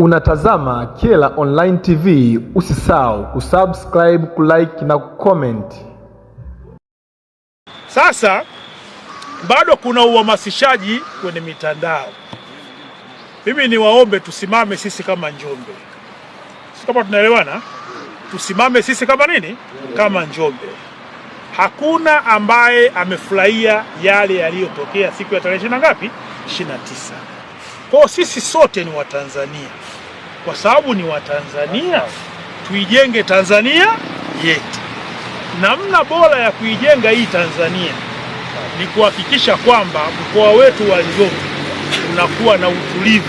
Unatazama Kyela Online TV, usisahau kusubscribe, kulike na kucomment. Sasa bado kuna uhamasishaji kwenye mitandao. Mimi niwaombe tusimame sisi kama Njombe, si kama tunaelewana, tusimame sisi kama nini, kama Njombe. Hakuna ambaye amefurahia yale yaliyotokea siku ya tarehe ishirini na ngapi, 29. Kwa sisi sote ni Watanzania, kwa sababu ni Watanzania, tuijenge Tanzania yetu. Namna bora ya kuijenga hii Tanzania ni kuhakikisha kwamba mkoa wetu wa Njombe unakuwa na utulivu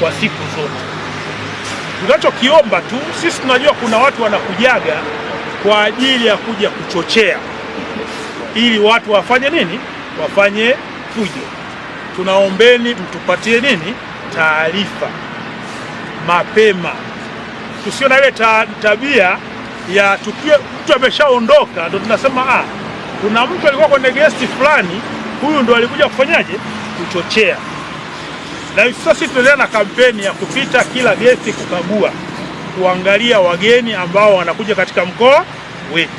kwa siku zote. Tunachokiomba tu sisi, tunajua kuna watu wanakujaga kwa ajili ya kuja kuchochea ili watu wafanye nini, wafanye fujo tunaombeni mtupatie nini taarifa mapema, tusio na ile ta, tabia ya tukio mtu ameshaondoka ndo tunasema ah, kuna mtu alikuwa kwenye gesti fulani, huyu ndo alikuja kufanyaje kuchochea. Na sasa sisi tunaendelea na kampeni ya kupita kila gesti kukagua, kuangalia wageni ambao wanakuja katika mkoa wetu,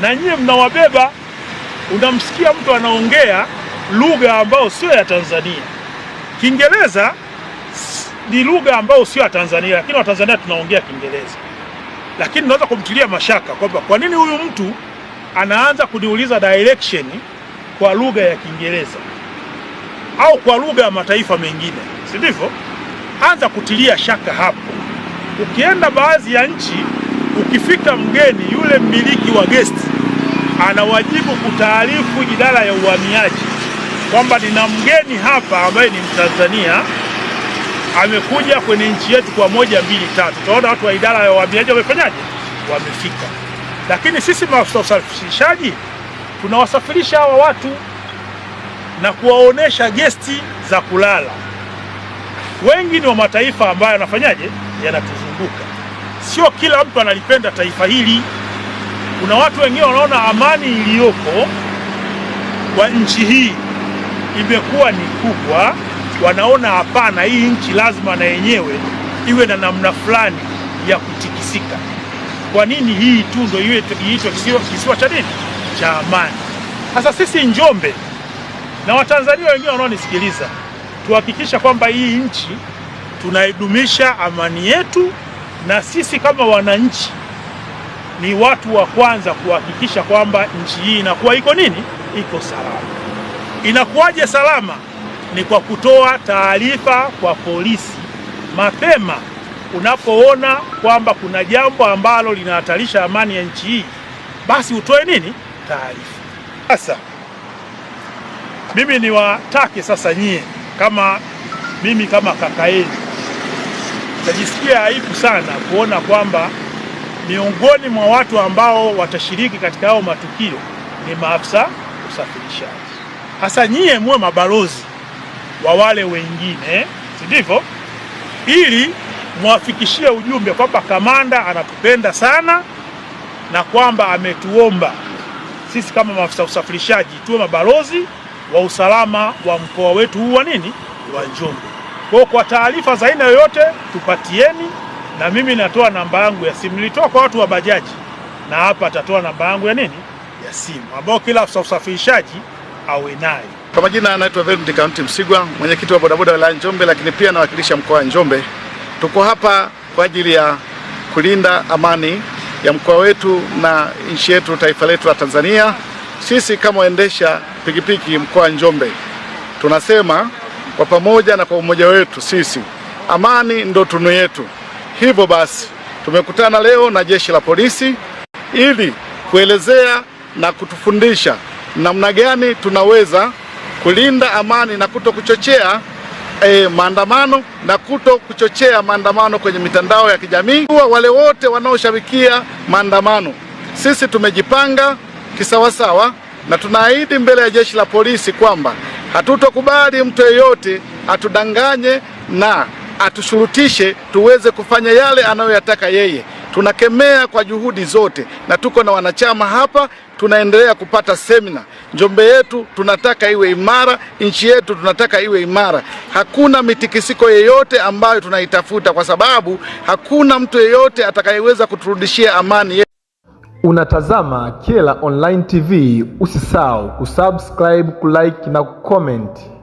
na nyie mnawabeba. Unamsikia mtu anaongea lugha ambayo sio ya Tanzania. Kiingereza ni lugha ambayo sio ya Tanzania, lakini Watanzania tunaongea Kiingereza. Lakini naweza kumtilia mashaka kwamba kwa nini huyu mtu anaanza kuniuliza direction kwa lugha ya Kiingereza au kwa lugha ya mataifa mengine, si ndivyo? Anza kutilia shaka hapo. Ukienda baadhi ya nchi, ukifika mgeni, yule mmiliki wa guest anawajibu kutaarifu idara ya uhamiaji kwamba nina mgeni hapa ambaye ni Mtanzania amekuja kwenye nchi yetu kwa moja mbili tatu. Tunaona watu wa idara ya uhamiaji wamefanyaje, wamefika, lakini sisi maafisa usafirishaji tunawasafirisha hawa watu na kuwaonesha gesti za kulala. Wengi ni wa mataifa ambayo yanafanyaje, yanatuzunguka. Sio kila mtu analipenda taifa hili. Kuna watu wengine wanaona amani iliyoko kwa nchi hii imekuwa ni kubwa, wanaona hapana, hii nchi lazima na yenyewe iwe na namna fulani ya kutikisika. Kwa nini hii tu ndio iwe iitwe kisiwa, kisiwa cha nini cha amani? Sasa sisi Njombe na Watanzania wengine wanaonisikiliza, tuhakikisha kwamba hii nchi tunaidumisha amani yetu, na sisi kama wananchi ni watu wa kwanza kuhakikisha kwamba nchi hii inakuwa iko nini, iko salama. Inakuwaje salama? Ni kwa kutoa taarifa kwa polisi mapema unapoona kwamba kuna jambo ambalo linahatarisha amani ya nchi hii, basi utoe nini taarifa. Sasa mimi niwatake sasa nyie, kama mimi kama kaka yenu, najisikia aibu sana kuona kwamba miongoni mwa watu ambao watashiriki katika hao matukio ni maafisa usafirishaji. Hasa nyie muwe mabalozi wa wale wengine, si ndivyo? Ili mwafikishie ujumbe kwamba kamanda anatupenda sana na kwamba ametuomba sisi kama maafisa usafirishaji tuwe mabalozi wa usalama wa mkoa wetu huu wa nini wa Njombe. Kwa kwa taarifa za aina yoyote tupatieni, na mimi natoa namba yangu ya simu, nilitoa kwa watu wa bajaji, na hapa atatoa namba yangu ya nini ya simu, ambao kila afisa usafirishaji awe naye. Kwa majina anaitwa Velmont Kaunti Msigwa, mwenyekiti wa bodaboda wilaya Njombe, lakini pia nawakilisha mkoa wa Njombe. Tuko hapa kwa ajili ya kulinda amani ya mkoa wetu na nchi yetu, taifa letu la Tanzania. Sisi kama waendesha pikipiki mkoa wa Njombe tunasema kwa pamoja na kwa umoja wetu sisi, amani ndo tunu yetu. Hivyo basi tumekutana leo na jeshi la polisi ili kuelezea na kutufundisha namna gani tunaweza kulinda amani na kuto kuchochea E, maandamano na kuto kuchochea maandamano kwenye mitandao ya kijamii. Kwa wale wote wanaoshabikia maandamano, sisi tumejipanga kisawasawa na tunaahidi mbele ya jeshi la polisi kwamba hatutokubali mtu yeyote atudanganye na atushurutishe tuweze kufanya yale anayoyataka yeye tunakemea kwa juhudi zote, na tuko na wanachama hapa, tunaendelea kupata semina. Njombe yetu tunataka iwe imara, nchi yetu tunataka iwe imara. Hakuna mitikisiko yeyote ambayo tunaitafuta, kwa sababu hakuna mtu yeyote atakayeweza kuturudishia amani yetu. Unatazama Kyela Online TV, usisahau kusubscribe, kulike na kucomment.